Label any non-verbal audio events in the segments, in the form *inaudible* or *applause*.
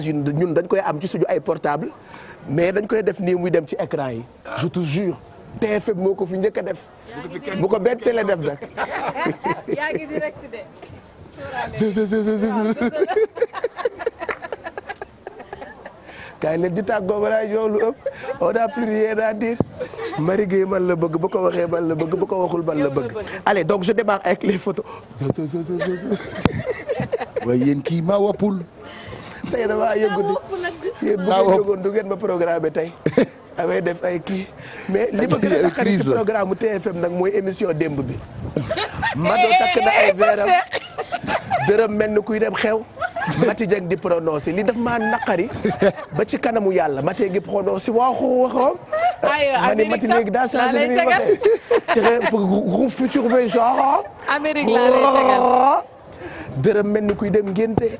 message ñun dañ koy am ci suñu ay portable mais dañ koy def nii muy dem ci écran yi je te jure moo ko fi njëkk a def bu ko benn télé def nag *laughs* yaa ngi direct de *laughs* *laughs* kaay leen di tàggoo ëpp on a plus rien à dire Marie Guèye man la bëgg bu ko waxee man la bëgg bu ko waxul man la bëgg. allez donc je démarre avec les photos. waaye yéen kii maa wappul. tey damaa yënguti daa wopp du ngeen ma programme tey amee def ay kii mais li ma gën a ci programme TFM nag mooy émission démb bi Mado takk na ay veeram dërëm mel ni kuy dem xew Mati Dieng di prononcé li daf maa naqari ba ci kanamu yàlla Mati ngi prononcé waaxu waxoom ma Mati léegi daa changé ni muy futur bi genre Amérique laa lay dërëm mel kuy dem ngénte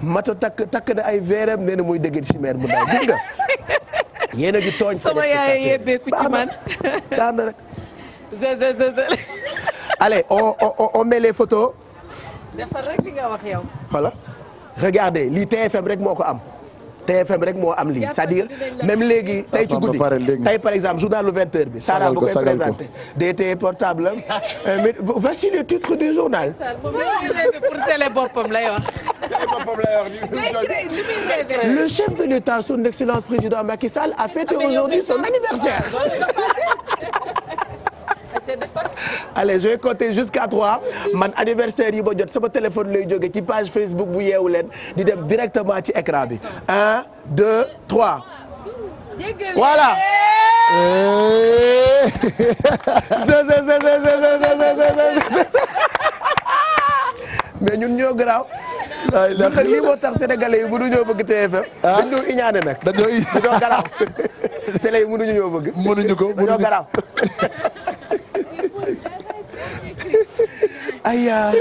mato takk takk na ay veeram nee na muy dégg chimère mu daw gis nga yéen a tooñ sama yaay yebbeeku ci man daan na rek allez on on on met lii TFM rek moo ko am TFM rek moo am lii c'est-à-dire même léegi tey ci guddi par exemple journalu 20 heures bi Sara bu koy présenté DT portable am euh, voici le titre du journal le chef de l'État son excellence président Macky a fêté aujourd'hui son anniversaire allez je vais compter trois man anniversaire yi ba jot sama téléphone lay joge ci page Facebook bu yeewu leen di dem directement ci écran bi un deux trois voilà mais ñun ñoo garaaw waaw lii moo tax sénégalais yi mënuñoo bëgg TFM. ah dañoo iñaane nag. dañoo iñaane dañoo garaaw télé yi mënuñu ñoo bëgg. mënuñu ko mënuñu dañoo aywa ah.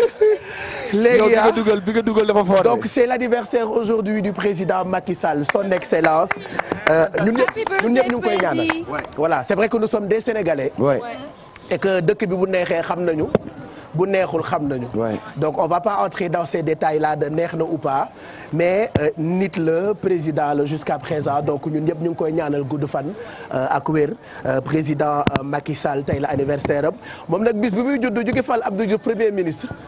léegi yow bi nga ah. dugal bi nga dugal dafa fort. donc c' est l' anniversaire aujourd'hui du président Macky Sall son excellence. Euh, ñun ñëpp ñun ñëpp ñu ngi koy ñaanal. voilà c' est vrai que nous sommes des sénégalais. oui et que dëkk bi bu neexee xam nañu. bu neexul xam nañu. donc on va pas entrer dans ces détails là de neex na ou pas mais euh, nit la président la jusqu'à présent donc ñun ñëpp ñu ngi koy ñaanal gudd fan euh, ak wér euh, président Macky Sall tey la anniversaire moom nag bis bi muy judd ju ngi fal Abdou Diouf premier ministre. *laughs*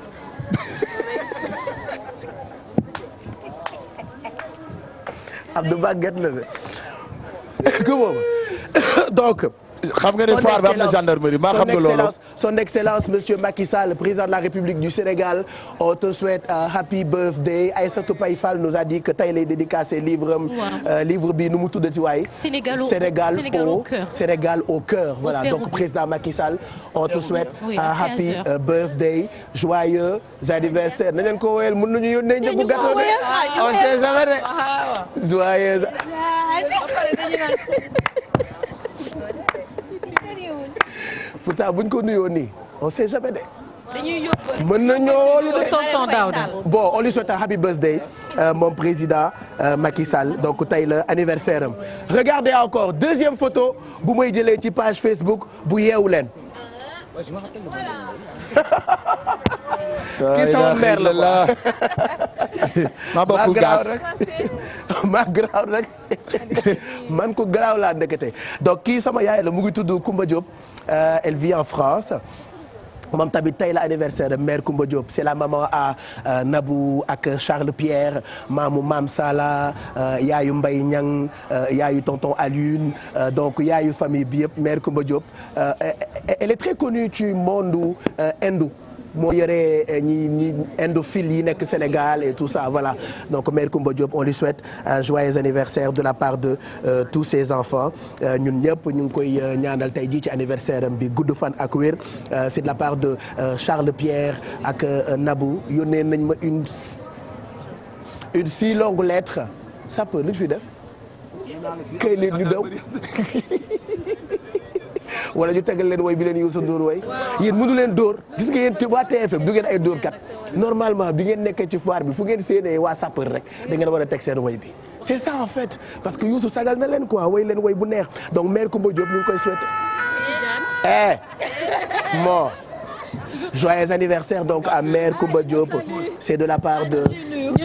Abdou Baguette la de *coughs* donc. xam nga ne foire am na gendarmerie maa xam nga loolu. son excellence monsieur Macky Sall président de la République du Sénégal on te souhaite un happy birthday Aïssatou Paye nous a dit que tey lay dédicacé livre euh, livre bi nu mu tudd ci waay. Sénégal au cœur Sénégal au cœur voilà donc président Macky on te souhaite un happy euh, birthday joyeux anniversaire nañ leen ko wéyal mën nañu yónnee njëgu gâteau joyeux. pourtant buñ ko nuyoo nii on sait jamais de. dañuy yóbbu mën nañoo lu de tonton Daouda bon on lui souhaite un happy birthday euh, mon président euh, donc tey la anniversaire am. regardez encore deuxième photo bu may jëlee ci page Facebook bu yeewu leen. kii sama mère la la maa bokkul gaas maa garaaw rek man ku garaaw laa ndekete donc kii sama yaay la mu ngi tudd Koumba Diop eh, elle vit en France moom tamit tey la anniversaire mère Koumba Diop c'est la maman à euh, Nabou ak Charles Pierre maamu maam Sala euh, yaayu mbay Niang euh, yaayu tonton Alioune euh, donc yaayu famille bi yëpp mère Koumba Diop elle est très connue ci monde hindou. moo yore eh, ñi ñi indophile yi nekk Sénégal et tout ça voilà donc Mère ba Diop on lui souhaite un joyeux anniversaire de la part de euh, tous ses enfants euh, ñun ñëpp ñu ngi koy euh, ñaanal tey jii ci anniversaire am bi gudd fan ak wér euh, c'est de la part de Charles Pierre ak nabu yónnee nañ ma une une si longue lettre ça lu ñu fi def kay li ñu daw *laughs* wala ñu tegal leen way bi leen Youssou Ndour way yéen mënu leen dóor gis nga yéen waa TFM du ngeen ay dóor bi ngeen nekkee ci foire bi fu ngeen séenee waa sapeur rek da ngeen war a teg seen way bi c' est ça en fait parce que Youssou sagal na leen quoi way leen way bu neex donc maire Coumba Diop ñu ngi koy souhaité eh joyeux anniversaire donc à mère Koumba Diop c'est de la part de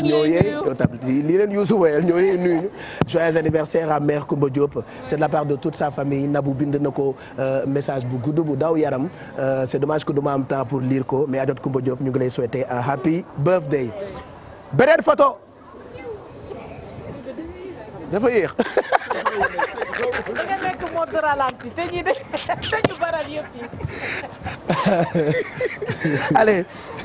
ñooyee yow tam lii leen Youssou wayal ñooyee nuyu ñu joyeux anniversaire à mère Koumba Diop c'est de la part de toute sa famille Nabou bind na ko euh, message bu gudd bu daw yaram euh, c'est dommage que duma am temps pour lire ko mais Adot Koumba Diop ñu ngi lay souhaiter un happy birthday beneen photo dafa yéex. da nga nekk mode de ralenti te ñi *laughs* te ñu baral yëpp yi.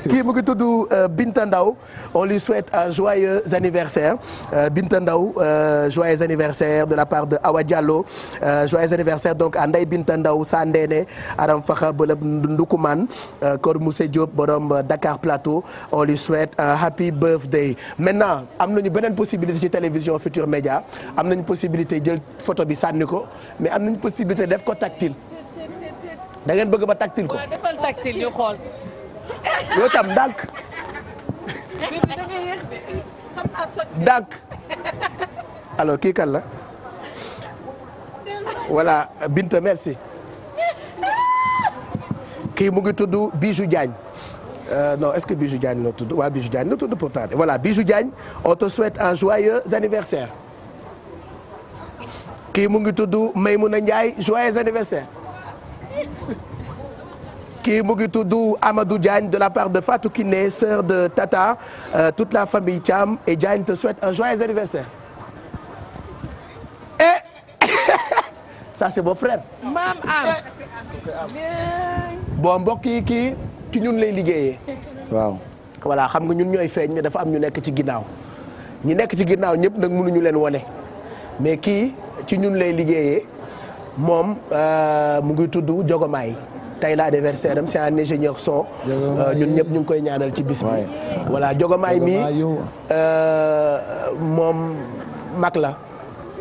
kii mu ngi tudd euh, Binta Ndaw on lui souhaite un joyeux anniversaire euh, Binta Ndaw euh, joyeux anniversaire de la part de Awa Diallo joyeux donc à Ndeye Binta Ndaw Sandene Aram Faxa Bëlëb Ndukuman Kor Mousse Diop borom Dakar Plateau on lui souhaite un happy birthday maintenant am nañu beneen possibilité ci télévision Futur Média am nañu possibilité jël photo bi sànni ko mais am nañu possibilité def ko tactile da ngeen bëgg ba tactile ko. yow tam ndànk ndànk alors kii la voilà Binta merci kii mu ngi tudd Bijou Diagne Euh, non est Bijou Diagne la tudd waaw Bijou Diagne la tudd pourtant voilà Bijou Diagne on te souhaite un joyeux anniversaire kii mu ngi tudd Maymouna Ndiaye joyeux anniversaire kii mu ngi tudd amadu Diagne de la part de Fatou Kiné sœur de Tata euh, toute la famille Thiam et Diagne te souhaite un joyeux anniversaire et *laughs* ça c'est beau frère. maam am. bon mbokk yi kii ci ñun lay liggéeyee. waaw. voilà xam nga ñun ñooy feeñ mais dafa am ñu nekk ci ginnaaw ñu nekk ci ginnaaw ñëpp nag mu mënuñu leen wone mais kii ci ñun lay liggéeyee moom euh, mu ngi tudd Jogomaay. tey la anniversaire am c'est un ingénieur son euh, ñun ñëpp ñu ngi koy ñaanal ci bis bi voilà jogomaay mi euh, moom mag la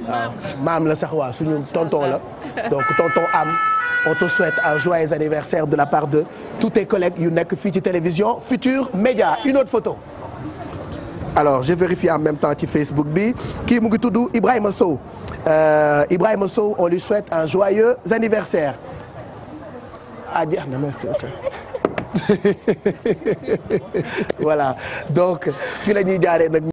ah, maam la sax waaw suñu tonton la donc tonton am on te souhaite un joyeux anniversaire de la part de tous tes collègues yu nekk fii ci télévision Futur Média une autre photo alors je vérifie en même temps ci Facebook bi kii mu ngi tudd Ibrahima Sow euh, Ibrahima Sow on lui souhaite un anniversaire ah jeex na merci ok *laughs* voilà donc fi la ñuy jaaree nag.